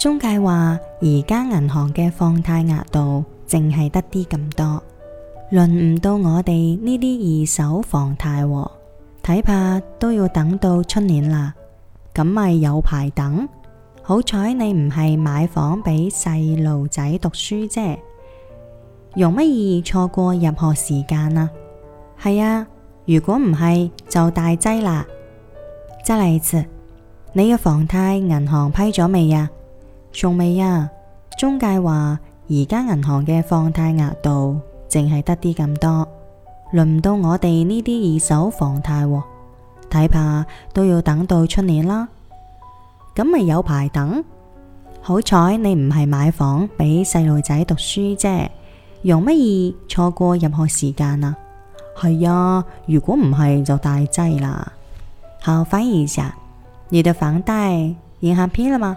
中介話：而家銀行嘅放貸額度淨係得啲咁多，輪唔到我哋呢啲二手房貸喎，睇怕都要等到出年啦。咁咪有排等？好彩你唔係買房畀細路仔讀書啫，容乜易錯過入學時間啊？係啊，如果唔係就大劑啦。再嚟一次，你嘅房貸銀行批咗未啊？仲未啊！中介話而家銀行嘅放貸額度淨係得啲咁多，輪唔到我哋呢啲二手房貸，睇怕都要等到出年啦。咁咪有排等？好彩你唔係買房畀細路仔讀書啫，容乜易錯過任何時間啊？係啊，如果唔係就大劑啦。好，翻譯一下，你的房貸影下片了嘛。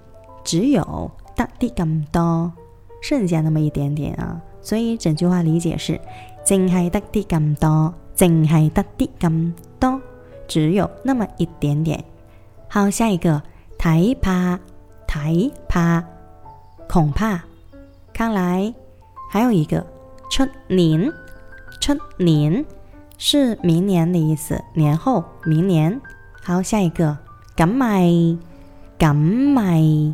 只有得啲咁多，剩下那麼一點點啊！所以整句話理解是：淨係得啲咁多，淨係得啲咁多，只有那麼一點點。好，下一個，睇怕，睇怕，恐怕。看來還有一個，出年，出年，是明年的意思，年後，明年。好，下一個，敢咪」。「敢咪」。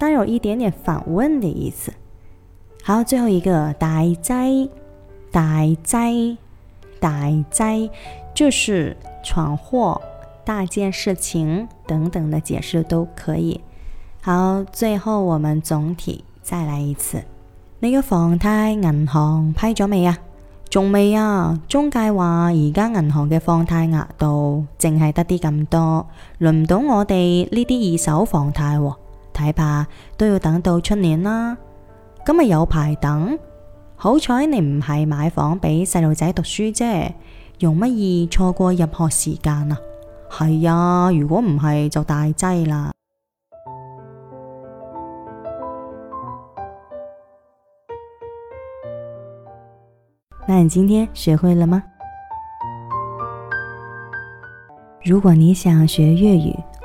帶有一點點反問的意思。好，最後一個“大劑、大劑、大劑”，就是闖禍、大件事情等等的解釋都可以。好，最後我們總體再來一次。你嘅房貸銀行批咗未啊？仲未啊？中介話，而家銀行嘅放貸額度淨係得啲咁多，輪唔到我哋呢啲二手房貸喎。睇怕都要等到出年啦。咁咪有排等？好彩你唔係買房俾細路仔讀書啫，容乜易錯過入學時間啊？係啊，如果唔係就大劑啦。那你今天學會了嗎？如果你想學粵語。